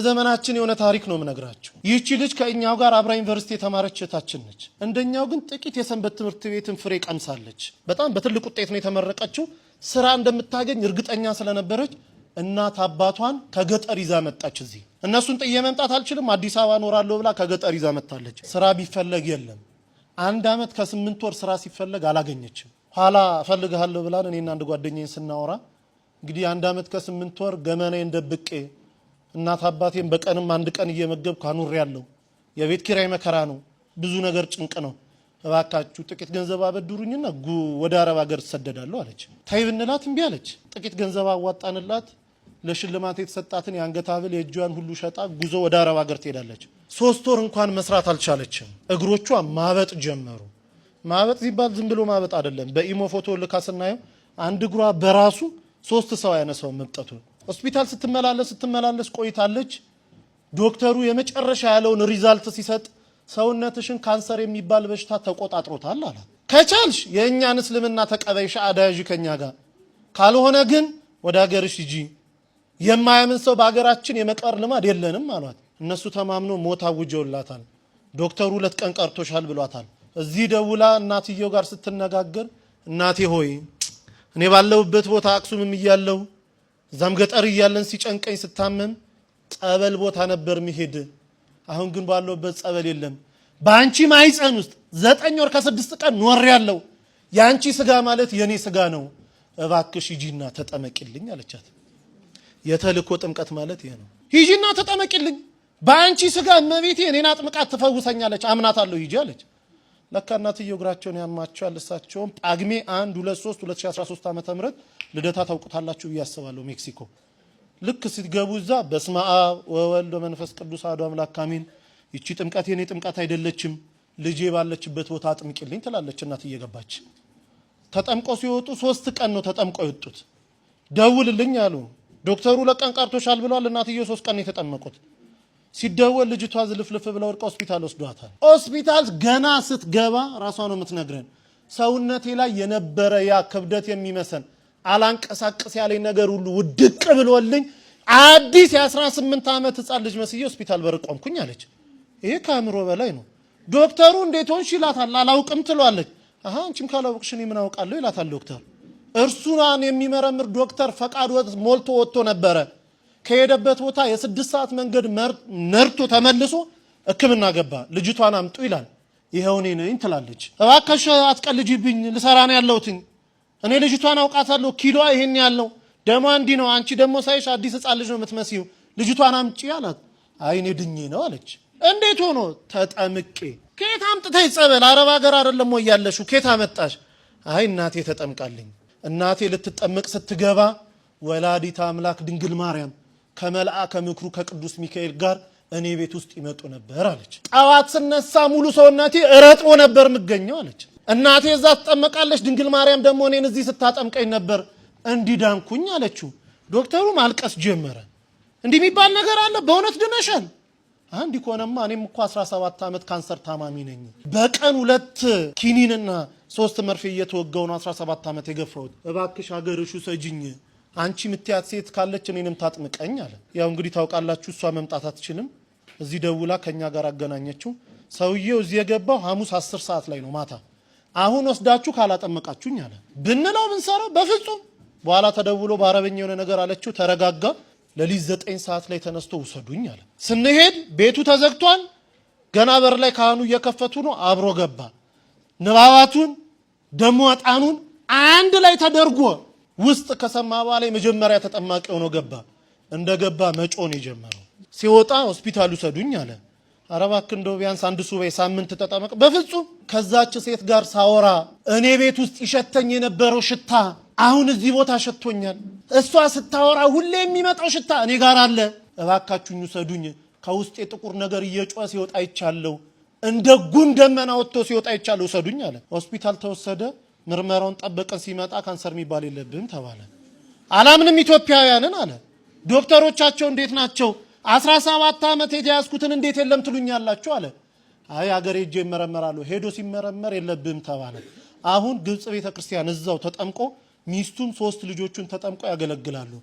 በዘመናችን የሆነ ታሪክ ነው የምነግራችሁ። ይህቺ ልጅ ከእኛው ጋር አብራ ዩኒቨርሲቲ የተማረች እህታችን ነች። እንደኛው ግን ጥቂት የሰንበት ትምህርት ቤትን ፍሬ ቀምሳለች። በጣም በትልቅ ውጤት ነው የተመረቀችው። ስራ እንደምታገኝ እርግጠኛ ስለነበረች እናት አባቷን ከገጠር ይዛ መጣች። እዚህ እነሱን ጥዬ መምጣት አልችልም፣ አዲስ አበባ እኖራለሁ ብላ ከገጠር ይዛ መጣለች። ስራ ቢፈለግ የለም። አንድ ዓመት ከስምንት ወር ስራ ሲፈለግ አላገኘችም። ኋላ እፈልግሃለሁ ብላን እኔና አንድ ጓደኛዬን ስናወራ እንግዲህ አንድ ዓመት ከስምንት ወር ገመናዬን ደብቄ እናት አባቴን በቀንም አንድ ቀን እየመገብኩ ያለው የቤት ኪራይ መከራ ነው፣ ብዙ ነገር ጭንቅ ነው። እባካችሁ ጥቂት ገንዘብ አበድሩኝና ወደ አረብ ሀገር ትሰደዳለሁ አለች። ተይ ብንላት እምቢ አለች። ጥቂት ገንዘብ አዋጣንላት። ለሽልማት የተሰጣትን የአንገት ሀብል የእጇን ሁሉ ሸጣ ጉዞ ወደ አረብ ሀገር ትሄዳለች። ሶስት ወር እንኳን መስራት አልቻለችም። እግሮቿ ማበጥ ጀመሩ። ማበጥ ሲባል ዝም ብሎ ማበጥ አይደለም። በኢሞ ፎቶ ልካ ስናየው አንድ እግሯ በራሱ ሶስት ሰው አይነሳው መብጠቱ ሆስፒታል ስትመላለስ ስትመላለስ ቆይታለች። ዶክተሩ የመጨረሻ ያለውን ሪዛልት ሲሰጥ ሰውነትሽን ካንሰር የሚባል በሽታ ተቆጣጥሮታል አላት። ከቻልሽ የእኛን እስልምና ተቀበይሽ አዳያዥ ከኛ ጋር ካልሆነ ግን ወደ ሀገርሽ ሂጂ። የማያምን ሰው በሀገራችን የመቀር ልማድ የለንም አሏት። እነሱ ተማምኖ ሞት አውጀውላታል። ዶክተሩ ሁለት ቀን ቀርቶሻል ብሏታል። እዚህ ደውላ እናትየው ጋር ስትነጋገር እናቴ ሆይ እኔ ባለሁበት ቦታ አክሱምም እያለው እዛም ገጠር እያለን ሲጨንቀኝ ስታመም ጸበል ቦታ ነበር መሄድ። አሁን ግን ባለውበት ጸበል የለም። በአንቺ ማይፀን ውስጥ ዘጠኝ ወር ከስድስት ቀን ኖር ያለው የአንቺ ስጋ ማለት የኔ ስጋ ነው፣ እባክሽ ሂጂና ተጠመቂልኝ አለቻት። የተልእኮ ጥምቀት ማለት ይሄ ነው። ሂጂና ተጠመቂልኝ፣ በአንቺ ስጋ እመቤቴ እኔን አጥምቃት ትፈውሰኛለች፣ አምናታለሁ፣ ሂጂ አለች። ለካ እናትየው እግራቸውን ያማቸዋል። እሳቸውም ጳግሜ 1 2 3 2013 ዓመተ ምህረት ልደታ ታውቁታላችሁ ብዬ አስባለሁ። ሜክሲኮ ልክ ሲትገቡ እዛ በስመ አብ ወወልድ ወመንፈስ ቅዱስ አሐዱ አምላክ አሜን፣ ይቺ ጥምቀት የኔ ጥምቀት አይደለችም ልጄ ባለችበት ቦታ አጥምቂልኝ ትላለች እናት እየገባች። ተጠምቀው ሲወጡ ሶስት ቀን ነው ተጠምቀው የወጡት። ደውልልኝ አሉ ዶክተሩ። ለቀን ቀርቶሻል ብለዋል። እናትየው ሶስት ቀን ነው የተጠመቁት። ሲደወል ልጅቷ ዝልፍልፍ ብለ ወድቀ ሆስፒታል ወስዷታል። ሆስፒታል ገና ስትገባ ራሷ ነው የምትነግረን። ሰውነቴ ላይ የነበረ ያ ክብደት የሚመሰን አላንቀሳቀስ ያለኝ ነገር ሁሉ ውድቅ ብሎልኝ አዲስ የ18 ዓመት ህፃን ልጅ መስዬ ሆስፒታል በር ቆምኩኝ አለች። ይሄ ከአእምሮ በላይ ነው። ዶክተሩ እንዴት ሆንሽ ይላታል። አላውቅም ትሏለች። አሀ አንቺም ካላውቅሽ እኔ ምን አውቃለሁ ይላታል ዶክተር። እርሱን የሚመረምር ዶክተር ፈቃድ ሞልቶ ወጥቶ ነበረ። ከሄደበት ቦታ የስድስት ሰዓት መንገድ ነርቶ ተመልሶ ሕክምና ገባ። ልጅቷን አምጡ ይላል። ይኸው እኔ ነኝ ትላለች። እባክሽ አትቀልጅብኝ፣ ልሰራ ነው ያለሁትኝ። እኔ ልጅቷን አውቃታለሁ። ኪሎዋ ይሄን ያለው ደሟ እንዲህ ነው። አንቺ ደግሞ ሳይሽ አዲስ ሕፃን ልጅ ነው የምትመስዩ። ልጅቷን አምጪ አላት። አይ እኔ ድኜ ነው አለች። እንዴት ሆኖ? ተጠምቄ። ከየት አምጥተሽ ጸበል? አረብ ሀገር አይደለም ወይ ያለሽው? ከየት አመጣሽ? አይ እናቴ ተጠምቃልኝ። እናቴ ልትጠምቅ ስትገባ ወላዲታ አምላክ ድንግል ማርያም ከመልአ ከምክሩ ከቅዱስ ሚካኤል ጋር እኔ ቤት ውስጥ ይመጡ ነበር አለች። ጠዋት ስነሳ ሙሉ ሰውነቴ ረጥቦ ነበር የምገኘው አለች። እናቴ እዛ ትጠመቃለች፣ ድንግል ማርያም ደግሞ እኔን እዚህ ስታጠምቀኝ ነበር እንዲዳንኩኝ አለችው። ዶክተሩ ማልቀስ ጀመረ። እንዲህ የሚባል ነገር አለ? በእውነት ድነሸን? አንድ ኮነማ እኔም እኮ 17 ዓመት ካንሰር ታማሚ ነኝ። በቀን ሁለት ኪኒንና ሶስት መርፌ እየተወጋው ነው 17 ዓመት የገፋሁት። እባክሽ ሀገርሽ ሰጅኝ አንቺ ምትያት ሴት ካለች እኔንም ታጥምቀኝ አለ። ያው እንግዲህ ታውቃላችሁ፣ እሷ መምጣት አትችልም። እዚህ ደውላ ከኛ ጋር አገናኘችው። ሰውዬው እዚህ የገባው ሐሙስ አስር ሰዓት ላይ ነው ማታ። አሁን ወስዳችሁ ካላጠመቃችሁኝ አለ። ብንለው ብንሰራው በፍጹም በኋላ ተደውሎ በአረበኛ የሆነ ነገር አለችው። ተረጋጋ። ለሊት ዘጠኝ ሰዓት ላይ ተነስቶ ውሰዱኝ አለ። ስንሄድ ቤቱ ተዘግቷል። ገና በር ላይ ካህኑ እየከፈቱ ነው። አብሮ ገባ። ንባባቱን ደሞ ዕጣኑን አንድ ላይ ተደርጎ ውስጥ ከሰማ በኋላ የመጀመሪያ ተጠማቂ ሆኖ ገባ። እንደገባ መጮን የጀመረው ሲወጣ ሆስፒታል ውሰዱኝ አለ። ኧረ እባክህ እንደው ቢያንስ አንድ ሱባኤ ሳምንት ተጠመቅ። በፍጹም ከዛች ሴት ጋር ሳወራ እኔ ቤት ውስጥ ይሸተኝ የነበረው ሽታ አሁን እዚህ ቦታ ሸቶኛል። እሷ ስታወራ ሁሌ የሚመጣው ሽታ እኔ ጋር አለ። እባካችሁኝ ውሰዱኝ። ከውስጥ የጥቁር ነገር እየጮኸ ሲወጣ ይቻለው፣ እንደ ጉም ደመና ወጥቶ ሲወጣ ይቻለው፣ ውሰዱኝ አለ። ሆስፒታል ተወሰደ። ምርመራውን ጠበቀን ሲመጣ ካንሰር የሚባል የለብህም ተባለ። አላምንም ኢትዮጵያውያንን አለ። ዶክተሮቻቸው እንዴት ናቸው? 17 ዓመት የተያዝኩትን እንዴት የለም ትሉኛላችሁ አለ። አይ አገር ሄጄ ይመረመራሉ። ሄዶ ሲመረመር የለብህም ተባለ። አሁን ግብጽ ቤተክርስቲያን እዛው ተጠምቆ ሚስቱን ሶስት ልጆቹን ተጠምቆ ያገለግላሉ።